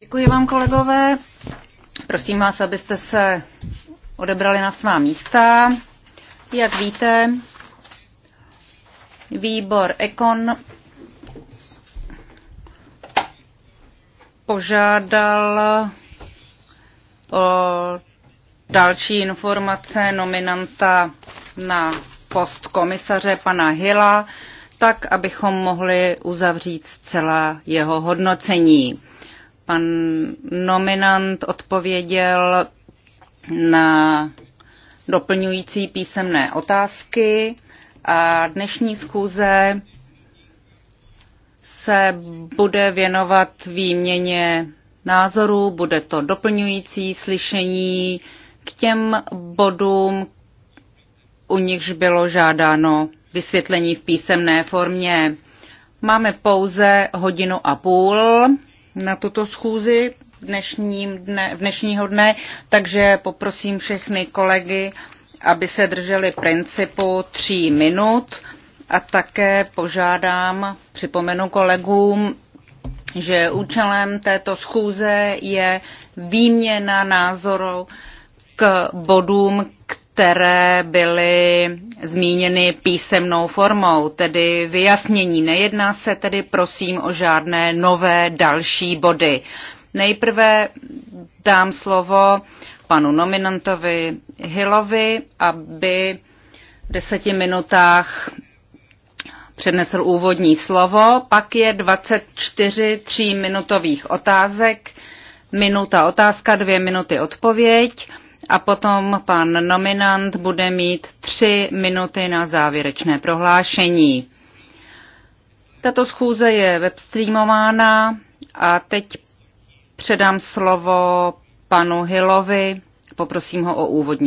Děkuji vám, kolegové. Prosím vás, abyste se odebrali na svá místa. Jak víte, výbor Ekon požádal o další informace nominanta na post komisaře pana Hila tak abychom mohli uzavřít zcela jeho hodnocení. Pan nominant odpověděl na doplňující písemné otázky a dnešní schůze se bude věnovat výměně názorů, bude to doplňující slyšení k těm bodům, u nichž bylo žádáno vysvětlení v písemné formě. Máme pouze hodinu a půl na tuto schůzi dnešním dne, dnešního dne, takže poprosím všechny kolegy, aby se drželi principu tří minut a také požádám, připomenu kolegům, že účelem této schůze je výměna názorů k bodům, k které byly zmíněny písemnou formou, tedy vyjasnění. Nejedná se tedy prosím o žádné nové další body. Nejprve dám slovo panu nominantovi Hillovi, aby v deseti minutách přednesl úvodní slovo, pak je 24 tříminutových otázek, minuta otázka, dvě minuty odpověď a potom pan nominant bude mít tři minuty na závěrečné prohlášení. Tato schůze je webstreamována a teď předám slovo panu Hillovi. Poprosím ho o úvodní